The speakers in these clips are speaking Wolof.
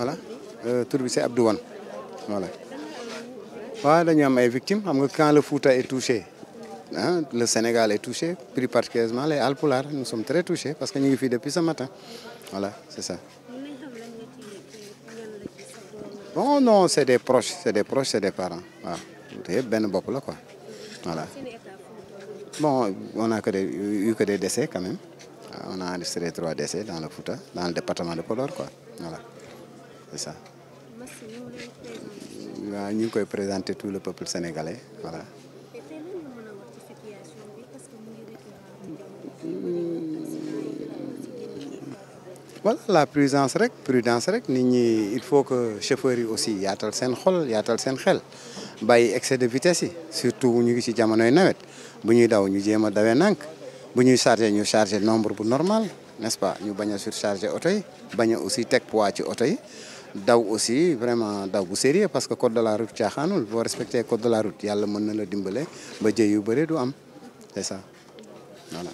voilà euh, tur bi c'est Abdou Wane voilà waaw am ay victimes xam nga quand Fouta est touché le Sénégal est touché plus particulièrement les Alpulaar nous sommes très touchés parce que ñu ngi fii depuis ce matin voilà c'est ça bon non c'est des proches c'est des proches des parents waaw te yëpp benn bopp la quoi voilà bon on que des eu que des décès quand même on a enregistré trois décès dans le Fouta dans le département de Podor quoi c'est ça. ñu ngi koy présenter tous le peuple sénégalais voilà. voilà la prudence rek prudence rek nit ñi il faut que chauffeurs yi aussi yaatal seen xol yaatal seen xel bàyyi excès de vitesse yi surtout ñu ngi ci jamonoy nawet bu ñuy daw ñu jéem a dawee nànk bu ñuy chargé ñu chargé nombre bu normal n'est-ce pas ñu bañ a surchargé oto yi bañ aussi teg poids ci oto yi. daw aussi vraiment daw bu sérieux parce que code de la route caaxaanul boo respecté code de la route yàlla mën na la dimbale ba jëy yu bëri du am c'est ça voilà.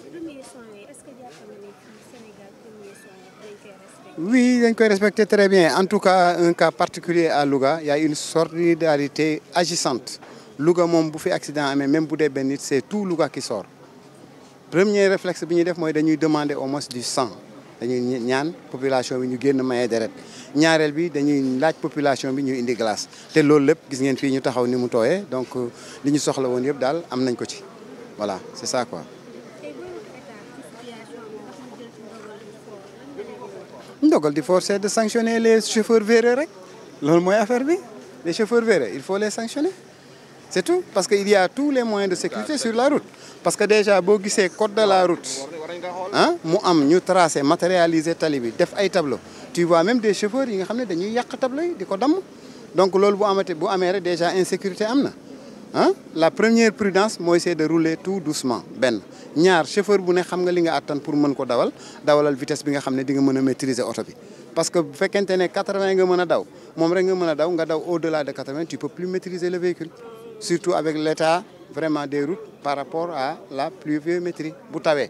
oui koy respecté très bien en tout cas un cas particulier à Louga y a une solidarité agissante Louga moom bu fi accident amee même bu dee benn nit c'est tout luga ki sort premier réflexe bi ñuy def mooy dañuy demander au moins du sang. dañuy ñaan population bi ñu génn maye deret ñaareel bi dañuy laaj population bi ñu indi glace te loolu lépp gis ngeen fii ñu taxaw ni mu tooye donc euh, li ñu soxla woon yëpp daal am nañ ko ci voilà c'est ça quoi. ndogal di forcer de sanctionner les chauffeurs véreux rek loolu mooy affaire bi les chauffeurs véreux il faut les sanctionner c'est tout parce que il a tous les moyens de sécurité sur la route parce que déjà boo gisee code de la route. ah mu am ñu tracé matérialiser tali bi def ay tableau tu vois même des chauffeurs yi nga xam ne dañuy yàq tableau di ko damm donc lool bu amate bu amee rek déjà insécurité am na ah la première prudence mooy c'est de rouler tout doucement benn ñaar chauffeur bu ne xam nga li nga attan pour mën ko dawal dawalal vitesse bi nga xam ne di nga mën a maîtriser oto bi parce que bu fekkente ne 80 nga mën a daw moom rek nga mën a daw nga daw au-delà de 80 tu peux plus maîtriser le véhicule surtout avec l'état vraiment des routes par rapport à la pluviométrie bu tawee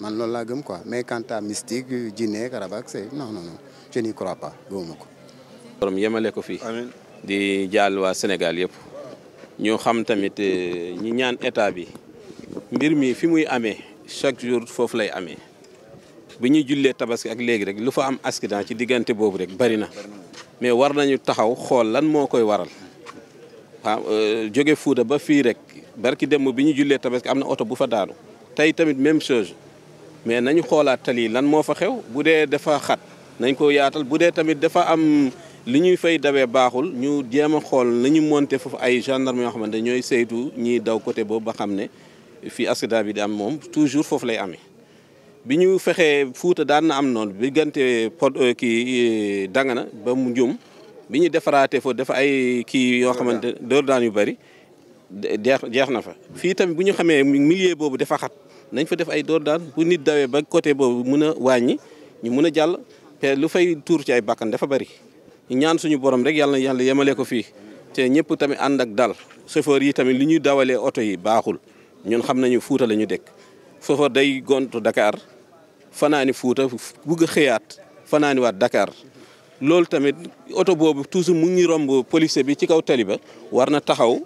man loolu laa gëm quoi mais quant à mystique jinne karabak c'est non non non je n'y ko. borom yemale ko fii. amiin di jaal waa Sénégal yëpp. ñu xam tamit euh, ñu ñaan état bi mbir mi fi muy amee chaque jour foofu lay amee bi ñuy jullee tabaski ak léegi rek lu fa am accident ci diggante boobu rek bari na mais war nañu taxaw xool lan moo koy waral waaw euh, jóge Fuuta ba fii rek barki dem bi ñu jullee tabaski am na oto bu fa daanu tey tamit même chose mais nañu xoolaat tali lan moo fa xew bu dee dafa xat nañ ko yaatal bu dee tamit dafa am li ñuy fay dawee baaxul ñu jéem a xool nañu monter foofu ay gendarme yoo xamante ñooy saytu ñiy daw côté boobu ba xam ne fii accident bi di am moom toujours foofu lay amee. bi ñu fexee Fuuta daan na am noonu diggante pod euh, kii euh, Dangana ba mu Njum bi ñu defaraatee foofu defa ay kii yoo xamante dóor daan yu bëri jeex jeex na fa. fii tamit bu ñu xamee milieu boobu dafa xat. nañ fa def ay door daal bu nit dawee ba côté boobu mun a wàññi ñu mun a jàll te lu fay tuur ci ay bakkan dafa bari ñaan suñu borom rek yàlla na yàlla yemale ko fii te ñëpp tamit ànd ak dal chauffeur yi tamit lu ñuy dawalee oto yi baaxul ñun xam nañu Fuuta la ñu dekk chauffeur day gontu Dakar fanaani Fuuta bugg a xëyaat fanaani waat Dakar loolu tamit oto boobu toujours mu ngi romb policier bi ci kaw tali ba war na taxaw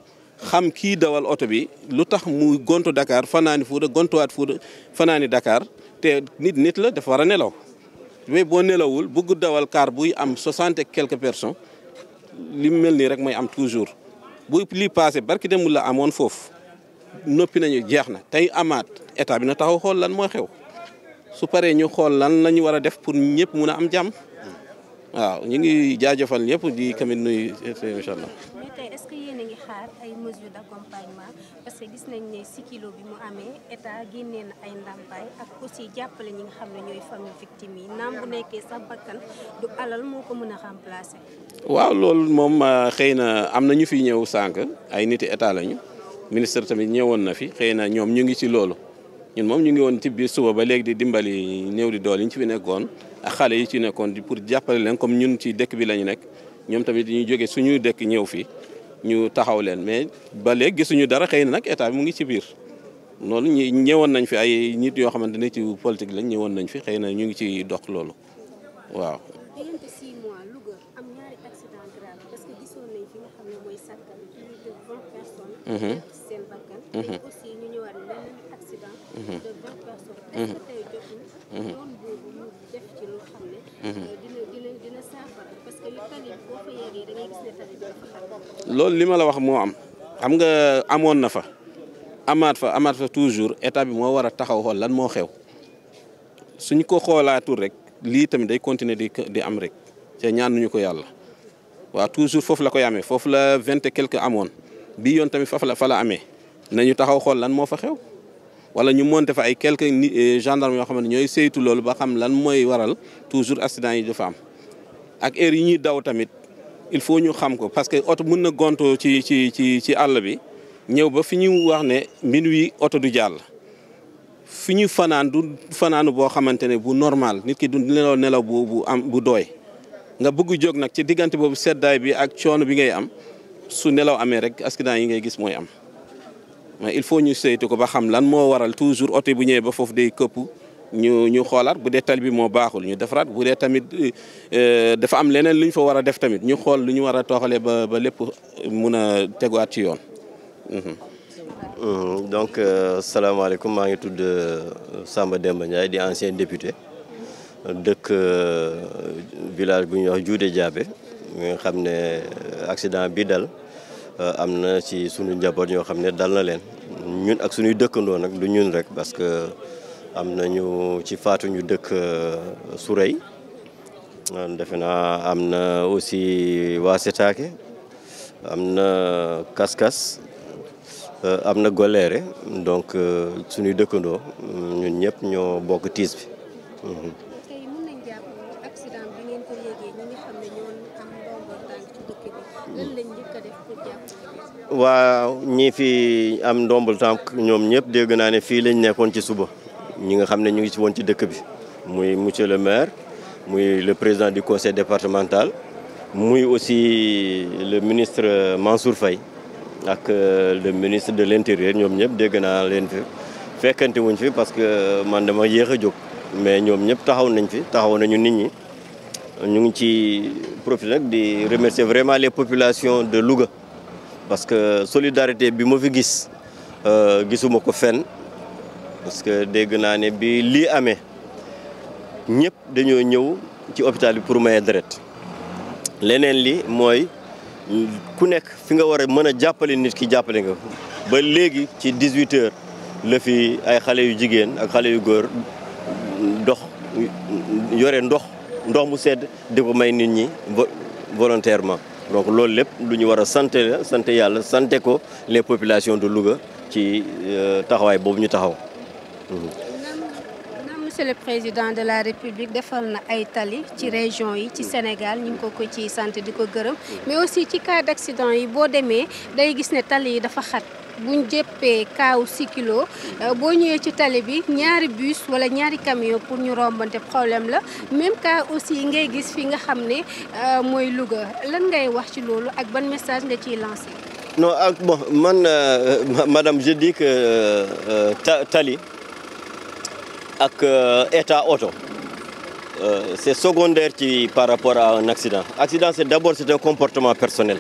xam kii dawal oto bi lu tax muy gont Dakar fanaani Fuuta gontuwaat Fuuta fanaani Dakar te nit nit la dafa war a nelaw mais boo nelawul bëgg dawal car buy am soixante et quelques person li mel nii rek mooy am toujours bu lii passé barki demul la amoon foofu noppi nañu jeex na tey amaat état bi na taxaw xool lan moo xew su paree ñu xool lan lañu ñu war a def pour ñëpp mun a am jàmm waaw ñu ngi jaajëfal ñëpp di kamit nuyu incha allah parce que gis nañ ne si bi mu amee état génnee na ay ndàmpaay ak aussi jàppale ñi nga xam ne ñooy famille victime yi naam bu nekkee sax bakkan du alal moo ko mën a remplacer. waaw loolu moom euh, xëy na am na ñu fi ñëw sànq ay niti état lañu ministre tamit ñëwoon na fi xëy na ñoom ñu ngi ci loolu ñun moom ñu ngi woon ci biir suba ba léegi di dimbali néew di dool yi ñu ci fi nekkoon ak xale yi ci nekkoon di pour jàppale leen comme ñun ci dëkk bi lañu nekk ñoom tamit dañuy jóge suñuy ñëw fii. ñu taxaw leen mais ba léegi gisuñu dara xëy nag état bi mu ngi ci biir loolu ñi ñëwoon nañ fi ay nit yoo xamante ne ci politique lañ ñëwoon nañ fi xëy na ñu ngi ci dox loolu waaw. loolu li ma la wax moo am xam nga amoon na fa amaat fa amaat fa toujours état bi moo war a taxaw xool lan moo xew suñ ko xoolaatul rek lii tamit day continuer di di am rek te ñaanuñu ko yàlla waaw toujours foofu la koy amee foofu la vingt quelque amoon bii yoon tamit fa la fa la amee nañu taxaw xool lan moo fa xew wala ñu monter fa ay quelques eh, gendarmes yoo xam ne ñooy seytu loolu ba xam lan mooy waral toujours accident yi dafa am. ak heure yi ñuy daw tamit il faut ñu xam ko parce que oto mën na gonto ci ci ci ci àll bi ñëw ba fi ñu wax ne minuit oto du jàll. fi ñu fanaan du fanaanu boo xamante ne bu normal nit ki du nelaw nelaw bu bu am bu doy nga bëgg jóg nag ci diggante boobu seddaay bi ak coono bi ngay am su nelaw amee rek accident yi ngay gis mooy am mais il faut ñu saytu ko ba xam lan moo waral toujours oto bu ñëwee ba foofu day këpp. ñu ñu xoolaat bu dee tali bi moo baaxul ñu defaraat bu dee tamit euh, dafa am leneen lu ñu fa war a def tamit ñu xool lu ñu war a tooxalee ba ba lépp mun a teguwaat ci yoon. Mhm. Euh, donc euh, salaamaaleykum maa ngi tudd Samba Demba Ndiaye di ancien député dëkk village bu ñuy wax Juude Jaabe mi xam ne accident bi dal am na ci sunu njaboot ñoo xam ne dal na leen ñun ak suñuy dëkkandoo nag du ñun rek parce que. am nañu ci faatu ñu dëkk euh, Sourey defe naa am na aussi waa Setaake am na Kaskas euh, am na goleere donc euh, suñuy dëkkandoo ñun ñëpp ñoo bokk tiis bi. Mhm. waaw ñii fi am ndombul tànk ñoom ñëpp dégg naa ne fii lañ nekkoon ci suba ñi nga xam ne ñu ngi ci woon ci dëkk bi muy monsieur le maire muy le président du conseil départemental muy aussi le ministre Mansour Faye ak euh, le ministre de l'intérieur ñoom ñëpp dégg naa leen fi fekkante wuñ fi parce que euh, man dama yéex a jóg mais ñoom ñëpp taxaw nañ fi taxaw nañu nit ñi ñu ngi ci profité di remercier vraiment les population de Louga parce que solidarité bi ma fi gis euh, gisuma ko fenn parce que dégg naa ne bi lii amee ñëpp dañoo ñëw ci hôpital bi pour maye deret leneen li mooy ku nekk fi nga war a mën a jàppale nit ki jàppale nga ba léegi ci 18 heures la fi ay xale yu jigéen ak xale yu góor dox yore ndox ndox mu sedd di ko may nit ñi volontairement donc loolu lépp lu ñu war a sant la sant yàlla sante ko les populations de Louga ci euh, taxawaay boobu ñu taxaw Mmh. monsieur le président de la république defal na ay tali ci région yi ci mmh. Sénégal ñu ngi ko ko ci sant di ko gërëm mmh. mais aussi ci cas d' yi boo demee day gis ne tali yi dafa xat buñ jëppee kaaw si kilo euh, boo ñëwee ci tali bi ñaari bus wala ñaari camion pour ñu rombante problème la même cas aussi ngay gis fi nga xam ne euh, mooy Louga lan ngay wax ci loolu ak ban message nga ciy lancé non ak bon man euh, madame je dis que tali ak euh, état auto euh, c'est secondaire ci par rapport à un accident accident c'est d'abord c'est un comportement personnel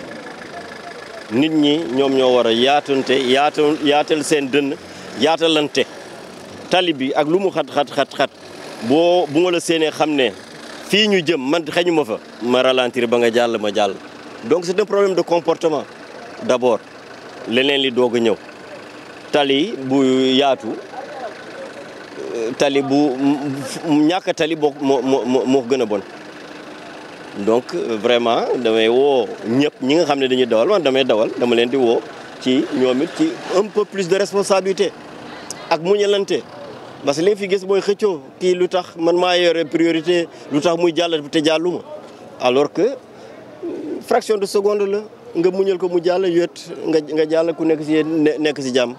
nit ñi ñoom ñoo war a yaatante yaata yaatal seen dënn yaatalante tali bi ak lu mu xat xat xat boo bu ma la seenee xam ne fii ñu jëm man xañu ma fa ma ralentir ba nga jàll ma jàll donc c'est un problème de comportement d'abord leneen li doog a ñëw tali bu yaatu tali bu ñàkk a tali moo moo moo gën a bon donc vraiment damay woo ñëpp ñi nga xam ne dañuy dawal man damay dawal dama leen di woo ci ñoom it ci un peu plus de responsabilité ak muñalante parce que li fi gis mooy xëccoo kii lu tax man maa yore priorité lu tax muy jàll te jàlluma alors que fraction de seconde la nga muñal ko mu jàll yowet nga nga jàll ku nekk si nekk si jàmm.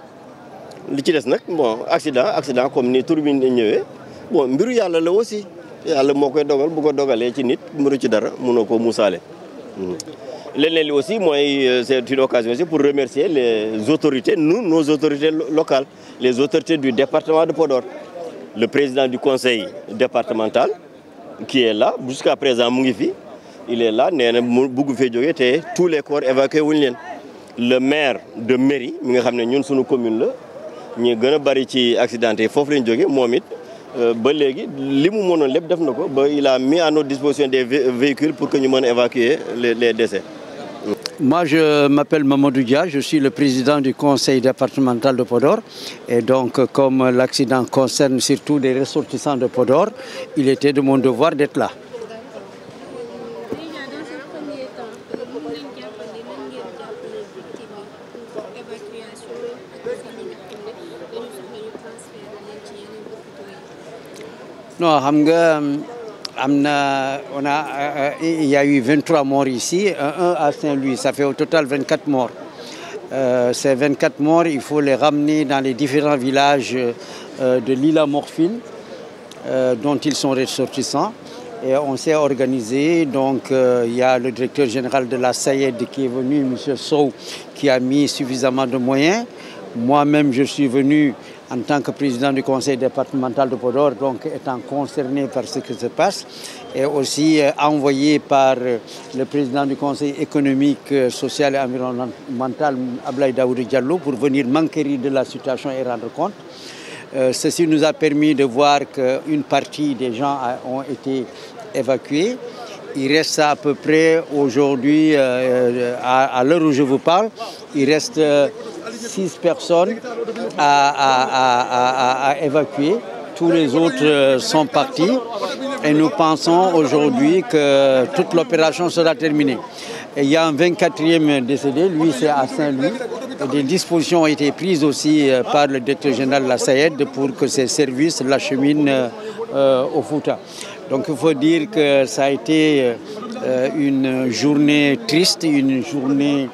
li ci des nag bon accident accident comme ni tur bi ñëwee bon mbiru yàlla la aussi yàlla moo koy dogal bu ko dogalee ci nit mënu ci dara mënoo ko musaale hmm. leneen li aussi mooy euh, c'est une occasion aussi pour remercier les autorités nous nos autorités locales les autorités du département de Podor le président du conseil départemental qui est là jusqu'à présent mu ngi fi il est là nee na mu bugg fee jógee te tous les corps évacués wuñu leen le maire de mairie mi nga xam ne ñun suñu commune la ñu gën a bari ci accidente foofu lañ jóge moom it euh, ba léegi li mu mënoon lépp def na ko ba il a mis à notre disposition des véhicules pour que ñu mën a évacuer les les décès. Moi, je m'appelle Mamadou Dia, je suis le président du conseil départemental de Podor. Et donc, comme l'accident concerne surtout des ressortissants de Podor, il était de mon devoir d'être là. non xam nga euh, am na a euh, euh, il y a eu 23 morts ici à Saint-Louis ça fait au total 24 morts euh, ces 24 morts il faut les dans les différents villages de l'île à Morphine euh, dont ils sont ressortissants donc euh, directeur général de la SAED a mis suffisamment en tant que président du conseil départemental de Podor, donc étant concerné par ce qui se passe, et aussi euh, envoyé par euh, le président du conseil économique, euh, social et environnemental, Ablaï Daoud Diallo, pour venir m'enquérir de la situation et rendre compte. Euh, ceci nous a permis de voir qu'une partie des gens a, ont été évacués. Il reste à peu près aujourd'hui, euh, à, à l'heure où je vous parle, il reste... Euh, six personnes à, à, à, à évacuer. Tous les autres euh, sont partis et nous pensons aujourd'hui que toute l'opération sera terminée. Et il y a un 24e décédé, lui c'est à Saint-Louis. Des dispositions ont été prises aussi euh, par le directeur général la Sayed pour que ces services l'acheminent euh, euh, au Fouta. Donc il faut dire que ça a été euh, une journée triste, une journée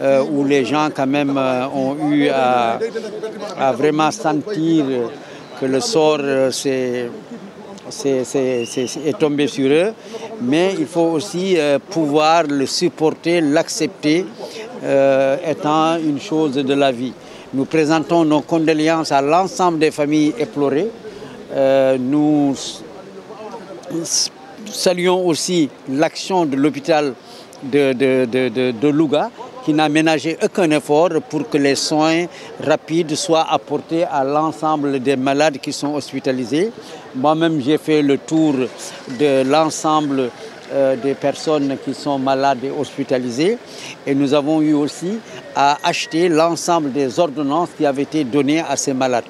euh, où les gens quand même euh, ont eu à, à, vraiment sentir que le sort c'est euh, c'est, c'est, c'est, est tombé sur eux, mais il faut aussi euh, pouvoir le supporter, l'accepter, euh, étant une chose de la vie. Nous présentons nos condoléances à l'ensemble des familles éplorées. Euh, nous saluons aussi l'action de l'hôpital de, de, de, de Louga, qui n'a ménagé aucun effort pour que les soins rapides soient apportés à l'ensemble des malades qui sont hospitalisés. Moi-même, j'ai fait le tour de l'ensemble euh, des personnes qui sont malades et hospitalisées. Et nous avons eu aussi à acheter l'ensemble des ordonnances qui avaient été données à ces malades.